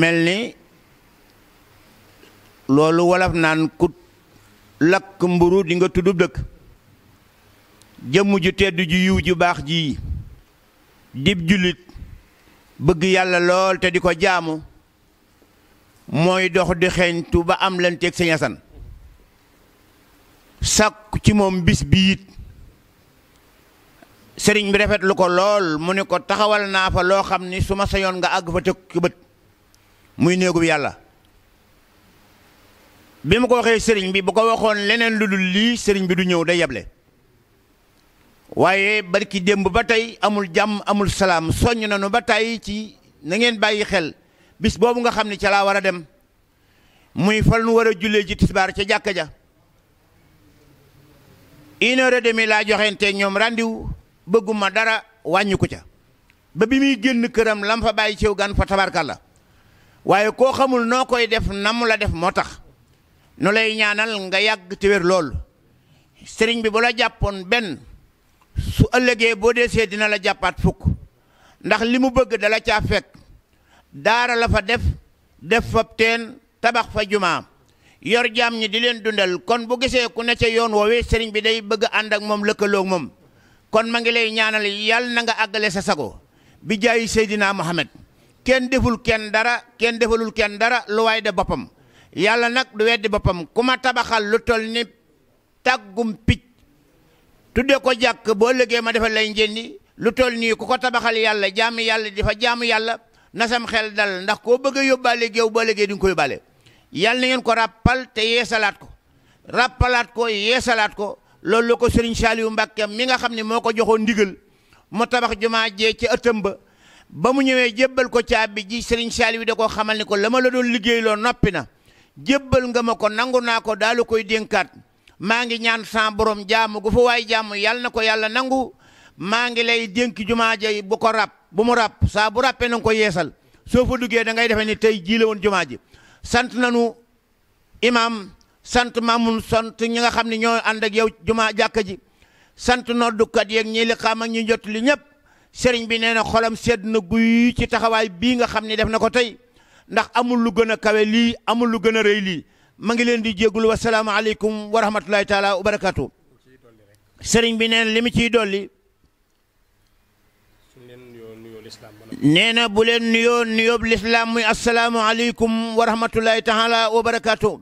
mel ni walaf nan ku lak mburu di nga tuddu dekk jëm ju tedd ju yu ju bax ji dib julit bëgg yalla lol te diko jaamu moy dox di xeeñtu ba am lan tek sëñ Asan ci mom bis bi it sëriñ bi lu ko lol mu ne ko taxawal na fa lo xamni suma sayon nga ag fa muy néegub yàlla bi mu ko waxee sëriñ bi bu ko waxoon leneen lu dul lii sëriñ bi du ñëw day yable waaye barki démb ba tey amul jàmm amul salaam soññ na nu ba tàyyi ci na ngeen bàyyi xel bis boobu nga xam ne ca laa war a dem muy fal nu war a jullee ji tisbaar ca jàkka ja une heure et laa joxenteeg ñoom rendiw bëgguma dara wàññi ko ca ba bi muy génn këram lam fa bàyyi ciw gan fa tabarkalla waaye koo xamul noo koy def namu la def moo tax nu lay ñaanal nga yàgg te wér loolu sëriñ bi bu la jàppoon benn su ëllëgee boo desee dina la jàppaat fukk ndax li mu bëgg dala ca fekk daara la fa def def fa teen tabax fa jumaa yor jam ñi di leen dundal kon bu gisee ku ne ca yoon woowee sëriñ bi day bëgg ànd ak moom lëkkaloog moom kon ma ngi lay ñaanal yàlla na nga àggale sa sago bi jaayi Seydina Muhammad kenn deful kenn dara kenn defalul kenn dara lu waay de boppam yàlla nag du weddi boppam ku ma tabaxal lu tol ni tàggum picc tudde ko jàkk boo ëllëgee ma defal lay njëndi lu tol nii ku ko tabaxal yàlla jaamu yàlla di fa jaamu yàlla nasam xel dal ndax koo bëgg a yóbbaale géew boo ëllëgee di ko yóbbaale yàlla na ngeen ko ràppal te yeesalaat ko rappalaat ko yeesalaat ko loolu la ko sëriñ Saliou Mbacke mi nga xam ne moo ko joxoon ndigal mu tabax jumaa jee ci ëttam ba ba mu ñëwee jébbal ko caabi ji Serigne wi da koo xamal ni ko lama la doon liggéeyloo noppi na jébbal nga ma ko nangu naa ko daalu koy dénkaat maa ngi ñaan sans borom jaamu gu fa waay jaamu yàlla na ko yàlla nangu maa ngi lay dénk jumaa ja bu ko rab bu mu rab saa bu ràppee na nga ko yeesal soo fa duggee da ngay defee ni tey jii la woon jumaa ji sant nañu imaam sant maamun sant ñi nga xam ne ñoo ànd ak yow jumaa jàkka ji sant noddukat yeeg ñi liqaam ak ñi jot li ñëpp sëriñ bi nee na xolam sedd na guy ci taxawaay bii nga xam ne def na ko tey ndax amul lu gën a kawe lii amul lu gën a rëy ma ngi leen di jégalu wasalaamaaleykum wa rahmatulahi taala wa barakaatu. sëriñ bi nee na li mu ciy bu leen nuyoo nuyoob lislaam muy asalaamualeykum wa rahmatulahi taala wa barakaatu.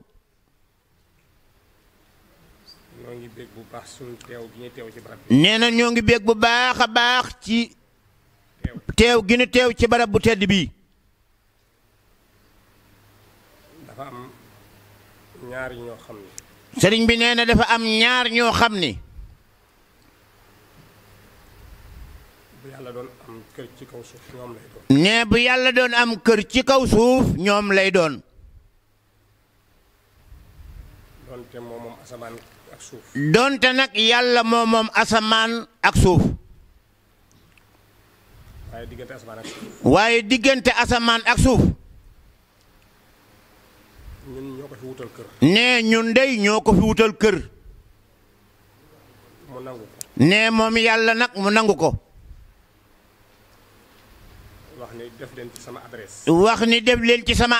bu baax suñu ci barab nee na ñoo ngi bég bu baax a baax ci. teew gi ñu teew ci barab bu tedd bi dafa ñaar ñoo sëriñ bi nee na dafa am ñaar ñoo xam ni. bu yàlla kaw bu yàlla doon am kër ci kaw suuf ñoom lay doon. donte doonte nag yàlla moo moom asamaan ak suuf waaye diggante asamaan ak suuf nee ñun dey ñoo ko fi wutal kër nee moom yàlla nag mu nangu ko wax ni def leen ci sama adresse. wax ni def ci sama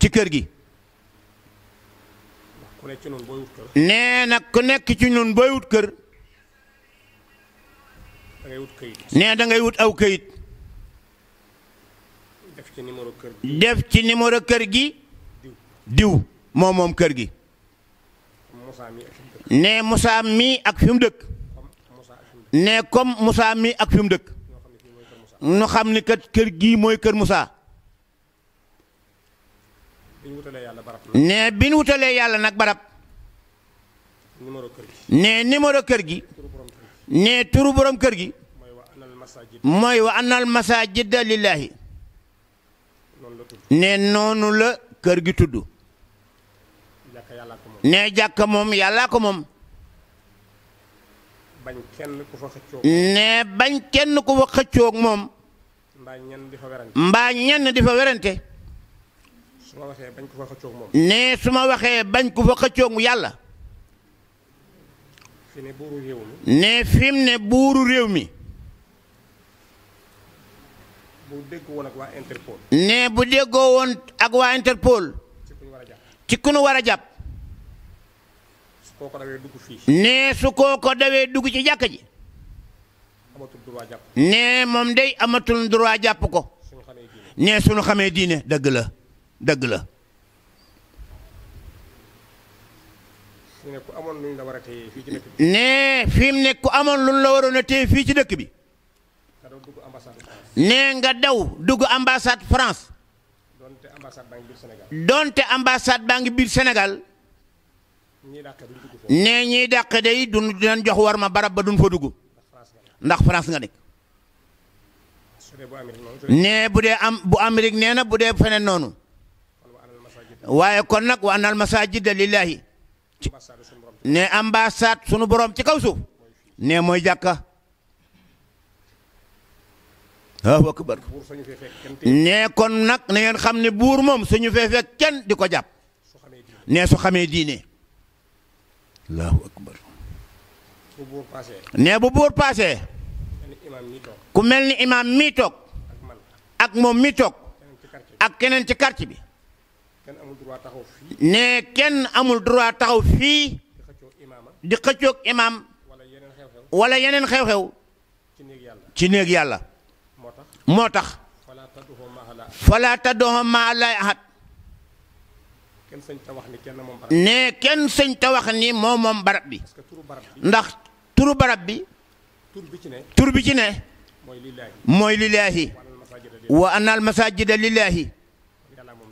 ci kër gi. nee na ku nekk ci ñun booy wut kër. nee da ngay wut aw kayit. def ci numéro kër gi. def ci kër gi. diw moom kër gi. nee Moussa mii ak fi mu dëkk. nee comme Moussa mii ak fi mu dëkk. ñu xam ni kat kër gii mooy kër Moussa. ne bi ñu wutalee yàlla nag barab. ne numéro kër gi. ne turu borom kër gi. mooy wa anal masajida lillahi ne noonu la kër gi tudd. ne jàkka moom yàllaa ko moom. ne bañ kenn ku fa xëccook moom. mbaa ñenn di fa werante. su waxee bañ ko fa xëccoog moom. nee su ma waxee bañ ko fa xëccoog yàlla. fi ne buuru nee fi ne buuru réew mi. bu déggoo woon ak nee bu déggoo woon ak waa Interpol. ci ku ñu war a jàpp ci ku ñu war a su koo ko dawee dugg fii. nee su koo ko dawee dugg ci jàkka ji. amatul droit jàpp. nee moom day amatul droit jàpp ko. nee suñu xamee diine dëgg la. dëgg la. ne amoon luñ la war a téye fi mu ne amoon luñ la waroon a téye fii ci dëkk bi. ne nga daw dugg ambassade France. doonte ambassade baa ngi biir Sénégal. donte ambassade baa ngi biir Sénégal. ne dàq day duñ dinañ jox war ma barab ba duñ fa dugg. ndax France nga nekk. ne bu dee am bu Amérique nee na bu dee feneen noonu. waaye kon nag wa annal masajida lillahi ne ambassade sunu borom ci kaw suuf ne mooy jàkka waaw akbar ne kon nag na ngeen xam ne buur moom suñu fee kenn di ko jàpp ne su xamee diine allahu akbar ne bu buur paasee ku mel ni imaam mii toog ak moom mii toog ak keneen ci karc bi ne kenn amul droit taxaw fii di xëccoog imaam wala yeneen xew-xew ci néeg yàlla moo tax falaa tadduhum maa lay ahad ne kenn sëñ ta wax ni moom moom barab bi ndax turu barab bi tur bi ci ne mooy lillaahi wa anal masaajida lillaahi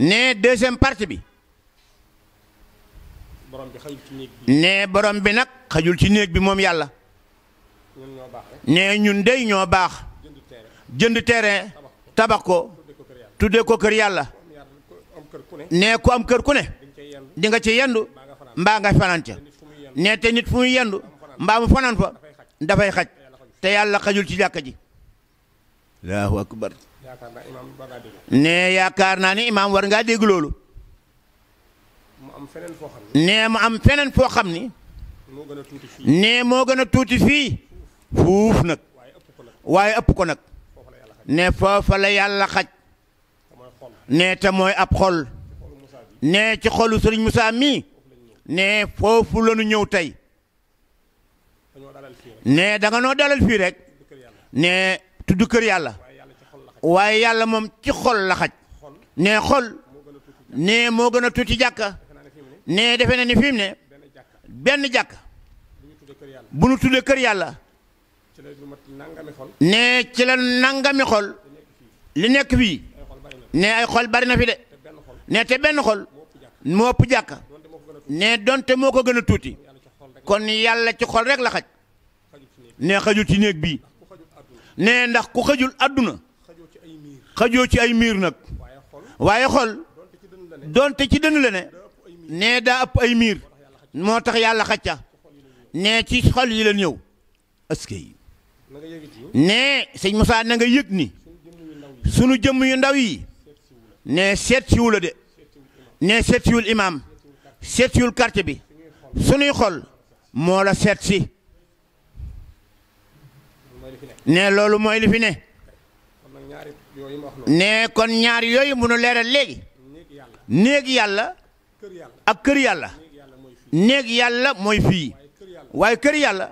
ne deuxième partie bi. borom bi xajul ci bi. borom bi nag xajul ci néeg bi moom yàlla. ne ñun dey ñoo baax. jënd terrain tabax ko. tuddee ko kër yàlla. ne ku am kër ku ne. di nga ci yendu. mbaa nga fanaan ca. ne te nit fu muy yendu. mbaa mu fanaan fa. dafay xaj te yàlla xajul ci jàkka ji. ne yaakaar naa ni imaam war ngaa dégg loolu. mu am feneen foo xam ni. ne am feneen foo xam ni. moo gën a tuuti fii. moo gën a tuuti fii. fuuf nag. waaye ëpp ko nag. ne foofa la yàlla xaj. ne te ab xol. ne ci xolu sëriñ Moussa mii. ne foofu la ñu ñëw tey. ne da noo dalal fii rek. ne tudd kër yàlla. waye yalla mom ci xol la xaj Né xol nee moo gën a tuuti jàkka nee defe ni fi mu ne benn jàkka bu kër yàlla nee ci la nangami xol li nekk fii nee ay xol bari na fi de nee te ben xol moo ëpp jàkka nee donte moko ko tuti kon yalla ci xol rek la xaj nee xaju ci nek bi nee ndax ku xajul aduna xajoo ci ay miir nag waaye xol donte ci dënn la ne nee daa ëpp ay miir moo tax yàlla xacca nee ci xol yi la ñëw askey nee sëñ Moussa na nga yëg ni sunu jëmm yu ndaw yi nee seet siwu la de nee seet siwul imaam seet siwul quartier bi sunuy xol moo la seet si nee loolu mooy li fi ne nee kon ñaar yooyu munu leeral léegi néeg yàlla ak kër yàlla néeg yàlla mooy fi fii waaye kër yàlla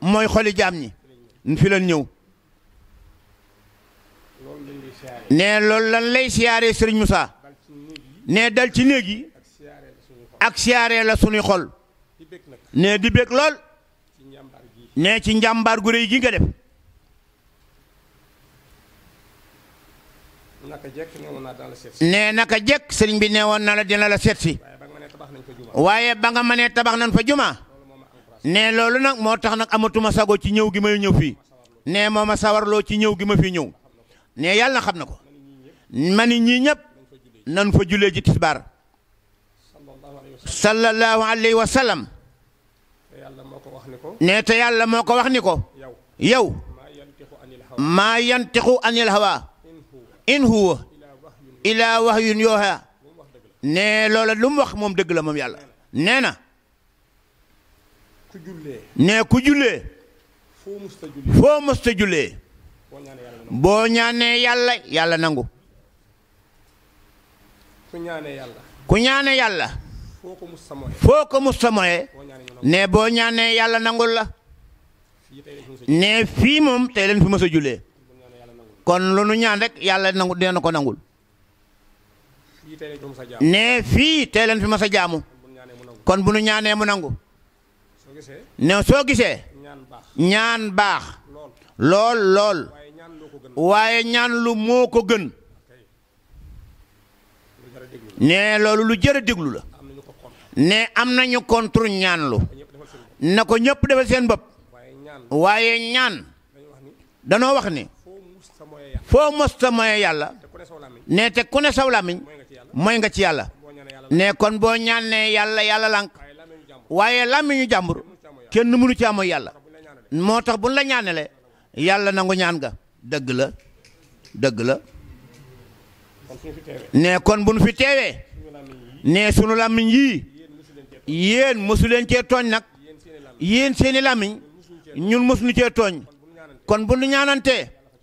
mooy xoli jaam ñi fi lan ñëw lool la lan lay siyaare sëriñ Moussa ne dal ci néeg yi ak siyaare la suñuy xol ne di bég lool ne ci njàmbaar gu réy gi nga def nee naka jekk sëriñ bi nee woon na la dina la seet si waaye ba nga mënee tabax nañ fa juma nee loolu nag moo tax nag amatuma sago ci ñëw gi ma ñëw fii nee moo ma sawarloo ci ñëw gi ma fi ñëw nee yàlla na xam na ko ma ni ñii ñëpp nan fa julee ji tisbaar sallallahu alayhi wa sallam nee te yàlla moo ko wax ni ko yow maa yantixu anil hawa in huwa ilaa wahyun yuuhaa ne loola lu mu wax moom dëgg la moom yàlla nee na ne ku jullee foo mësta jullee boo ñaanee yàlla yàlla nangu ku ñaanee yàlla foo ko musta moye ne boo ñaanee yàlla nangu la ne fii moom tey leen fi mës a kon lu nu ñaan rek yàlla nangul dina ko nangul ne fi tey leen fi ma sa jaamu kon bu nu ñaané mu nangu ne so gisé ñaan baax Lol lol. waye ñaan lu moko gën ne lolou lu jere deglu la ne amna ñu contre ñaan lu nako ko defal seen bop waye ñaan dañu wax ni foo mos ta moye yàlla ne te ku ne saw làmmiñ mooy nga ci yàlla ne kon boo ñaanee yàlla yàlla lànk waaye làmmiñu jàmbur kenn mënu ci amoy yàlla moo tax buñ la ñaanele yàlla nangu ñaan ga dëgg la dëgg la ne kon buñ fi teewee ne sunu yi yii yéen mosu leen cee tooñ nag yéen seeni làmmiñ ñun mosuñu cee tooñ kon bu nu ñaanantee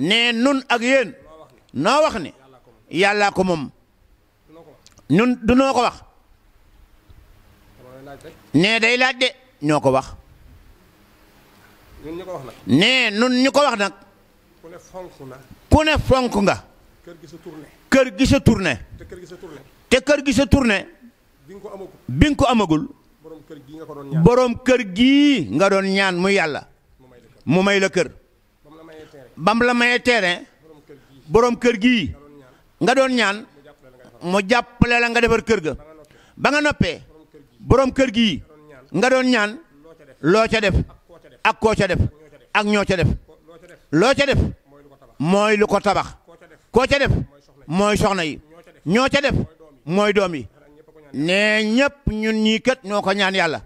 ne nun ak yéen noo wax ne yàllaa ko moom nun du noo ko wax ne day laaj de ñoo ko wax ne nun ñu ko wax nag ku ne fonk nga kër gi sa tourné te kër gi sa tourné bi nga ko amagul borom kër gii nga doon ñaan mu yàlla mu may la kër bam la mayee terrain borom kër gii nga doon ñaan mu jàppale la nga defar kër ga ba nga noppee borom kër gii nga doon ñaan loo ca def ak koo ca def ak ñoo ca def loo ca def mooy lu ko tabax koo ca def mooy soxna yi ñoo ca def mooy doom yi nee ñëpp ñun ñii kat ñoo ko ñaan yàlla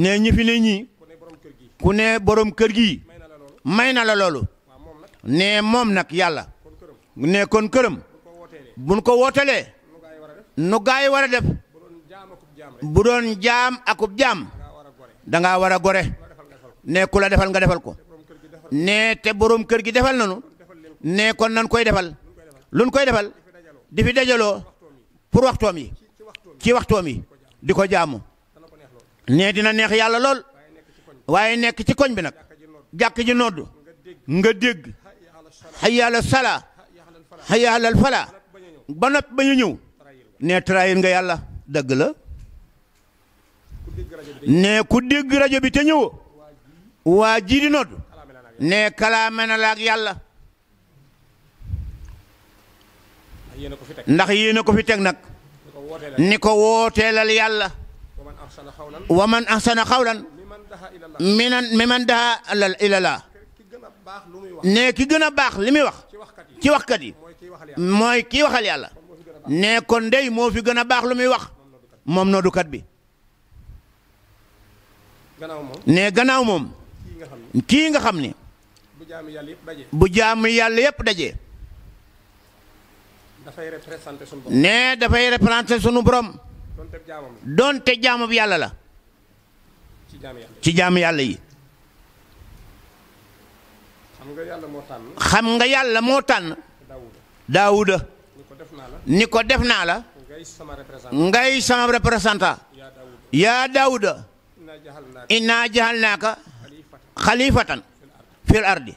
nee ñi fi ne ñii ku ne borom kër gii may na la loolu ne moom nag yàlla ne kon këram bu buñ ko wootelee nu gaay war a def bu doon jaam akub jaam da ngaa war a gore ne ku la defal nga defal ko nee te borom kër gi defal nanu nee kon nan koy defal luñ koy defal di fi dajaloo pour waxtoom yi ci waxtoom yi di ko jaamu ne dina neex yàlla lool waaye nekk ci koñ bi nag jàkk ji nodd nga dégg xëy ala sala xëy ala fala ba nopp ba ñu ñëw ne trahir nga yàlla dëgg la ne ku dégg rajo bi te ñëw waa ji di nodd ne kalaame na la ak yàlla ndax yéena ko fi teg nag ni ko wooteelal yàlla wa man ahsana xawlan minan miman daha ilala ne ki gën a baax li muy wax ci waxkat yi mooy kii waxal yàlla ne kon dey moo fi gën a baax lu muy wax moom noddukat bi ne gannaaw moom kii nga xam ni bu jaamu yàlla yépp daje ne dafay représenté sunu borom donte jaamab yàlla la ci jaamu yàlla yi xam nga yàlla moo tànn daawuda ni ko def naa la ngay sama représentant yaa daawuda inna jahal naaka xalifatan fil ardi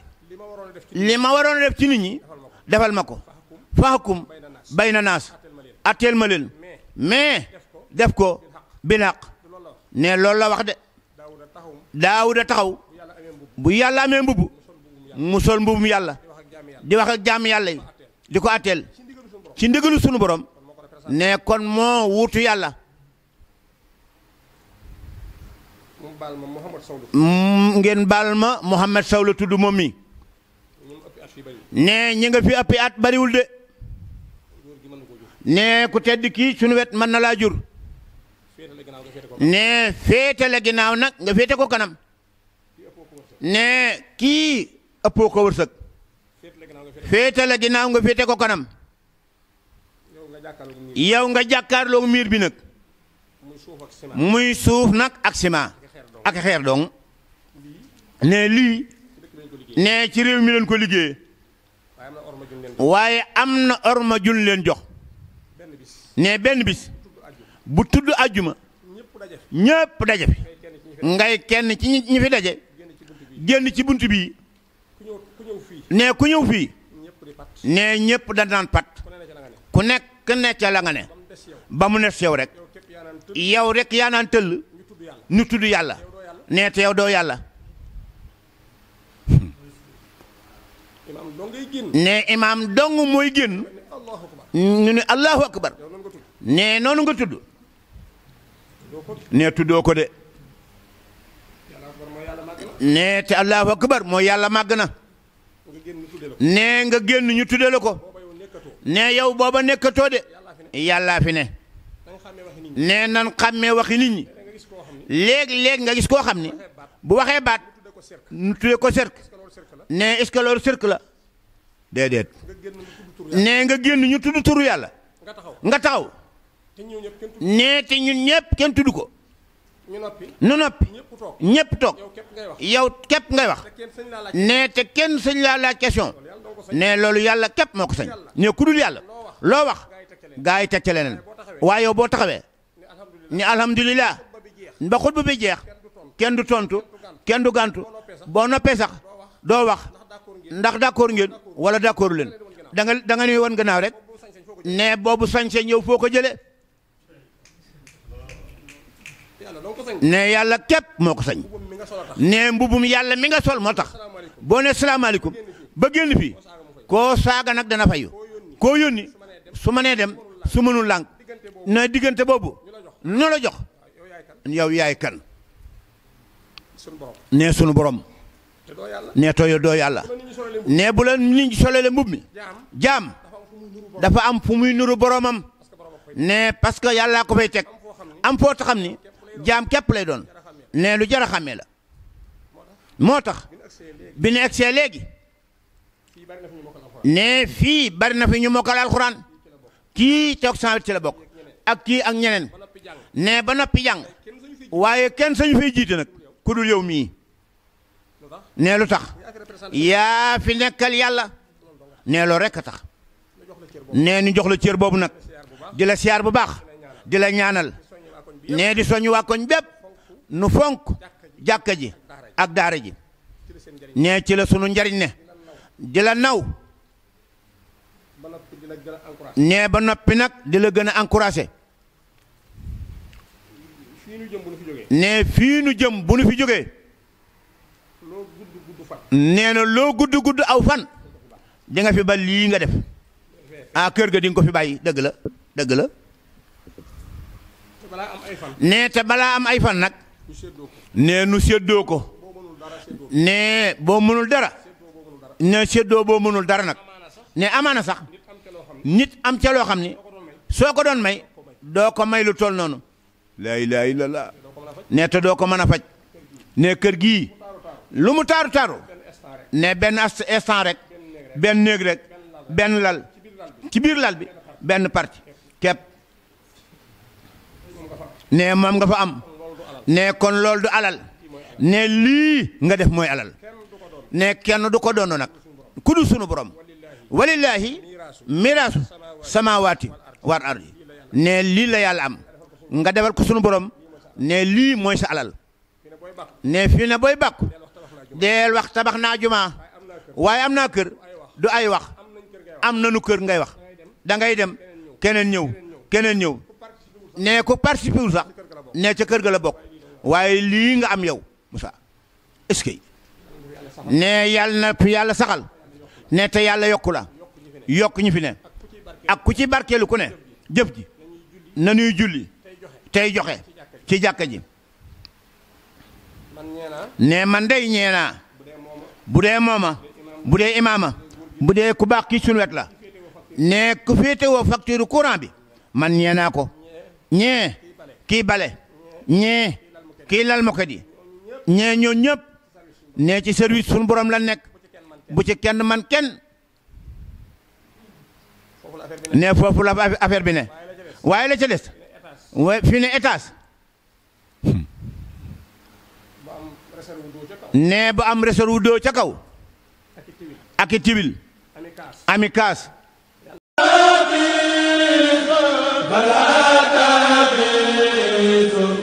li ma waroon def ci nit ñi defal ma ko fahakum bayna naas atteel ma leen mais def ko bil haq ne loolu la wax de daawuda taxaw bu yàlla amee mbubb mu sol mbubum yàlla di wax ak jaam yàlla yi di ko atteel ci ndigalu sunu borom ne kon moo wuutu yàlla ngeen baal ma Mouhamed Sow la tudd moom mi ne ñi nga fi ëppi at bariwul de ne ku tedd kii sunu wet mën na laa jur ne féetale ginnaaw nag nga féete ko kanam ne kii ëppoo ko wërsëg féetale ginnaaw nga féete ko kanam yow nga jàkkaarloo miir bi nag muy suuf nag ak ciment ak xeer dong ne lii ne ci réew mi leen ko liggéey waaye am na orma jun leen jox ne benn bis bu tudd àjjuma ñépp daje fi ngay kenn ci ñi fi daje génn ci bunt bii ne ku ñëw fii ne ñëpp da naan pat ku nekk ne ca la nga ba mu nekk yow rek yow rek yaa tëll ñu tudd yàlla ne te yow doo yàlla ne imaam dong mooy génn ñu ne allahu akbar ne noonu nga tudd ne tuddoo ko de nee te allahu akbar moo yàlla màgg na nee nga génn ñu tudde la ko nee yow booba nekkatoo de yàllaa fi ne nee nan xàmmee waxi nit ñi léeg-léeg nga gis koo xam ni bu waxee baat ñu tudde ko cercle nee est-ce que loolu cercle la déedéet nee nga génn ñu tudd yàlla nga taxaw nee te ñu ñëpp kenn tudd ko nu noppi ñëpp toog yow képp ngay wax ne te kenn sëñ la question ne loolu yàlla képp moo ne ku dul yàlla loo wax gaa yi teg ca leneen waaye yow boo ba bi jeex du tontu kenn du Gantu, boo noppee sax doo wax ndax d'accord wala da nga da nga nuy rek ne boobu sañ-sañ foko foo ne yàlla képp moo ko sañ ne mbubum yàlla mi nga sol moo tax boo ne salaamaaleykum ba génn fii koo saaga nag dana fayu koo yónni su ma dem su mënul lànk na diggante boobu no la jox yow yaay kan ne sunu borom ne tooyo doo yàlla ne bu la nit ñi solele mbub mi jaam dafa am fu muy nuru boromam ne parce que yàllaa ko fay teg am foo taxam ni jaam képp lay doon nee lu jar a la moo tax bi ñu egsee léegi ne fii bari na fi ñu mokkal alxuraan kii toog cent ci la bokk ak kii ak ñeneen ne ba noppi jàng waaye kenn sañu fay jiite nag ku dul yow mii ne lu tax yaa fi nekkal yàlla ne loo rekk a tax ne ñu jox la cër boobu nag di la siyaar bu baax di la ñaanal nee di soñu waa koñ bépp nu fonk jàkka ji ak daara ji nee ci la sunu njariñ ne di la naw nee ba noppi nag di la gën a encouragé nee fii nu jëm bu nu fi jógee nee na loo gudd gudd aw fan di nga fi ba lii nga def ah kër ga di ko fi bàyyi dëgg la la nee te balaa am ay fan nag nee nu séddoo ko nee boo mënul dara nee séddoo boo mënul dara nag nee amaana sax nit am ca xam ni soo ko doon may doo ko may lu toll noonu laa ilaaha nee te doo ko mën a faj nee kër gi lu mu taaru taaru nee benn instant rek benn néeg rek benn lal ci biir lal bi benn parti ne moom nga fa am ne kon loolu du alal ne lii nga def mooy alal ne kenn du ko doon nag ku du sunu borom walillaahi miraasu samaawaati war ardi ne lii la yàlla am nga defal ko sunu borom ne lii mooy sa alal ne fii ne booy bàkku deel wax tabax naa jumaa waaye am naa kër du ay wax am nanu kër ngay wax da ngay dem keneen ñëw keneen ñëw nee ko participer wul sax nee ca kër ga la bokk waaye lii nga am yow Moussa est nee yàlla na yàlla saxal nee te yàlla yokku la yokk ñi fi ne ak ku ci barkeelu ku ne jëf ji na ñuy julli tey joxe ci jàkka ji nee man day ñeenaa bu dee mooma bu dee imaama bu dee ku baax kii suñu wet la nee ku féete woo facture courant bi man ñeenaa ko ñee kii bale ñee kii lal moket ñee ñoo ñëpp nee ci service suñu borom la nekk bu ci kenn man kenn ne foofu la affaire bi ne waaye la ca des waaye fi ne étage ne ba am resor wu doo ca kaw ak i tibil ami kaas bala tabitu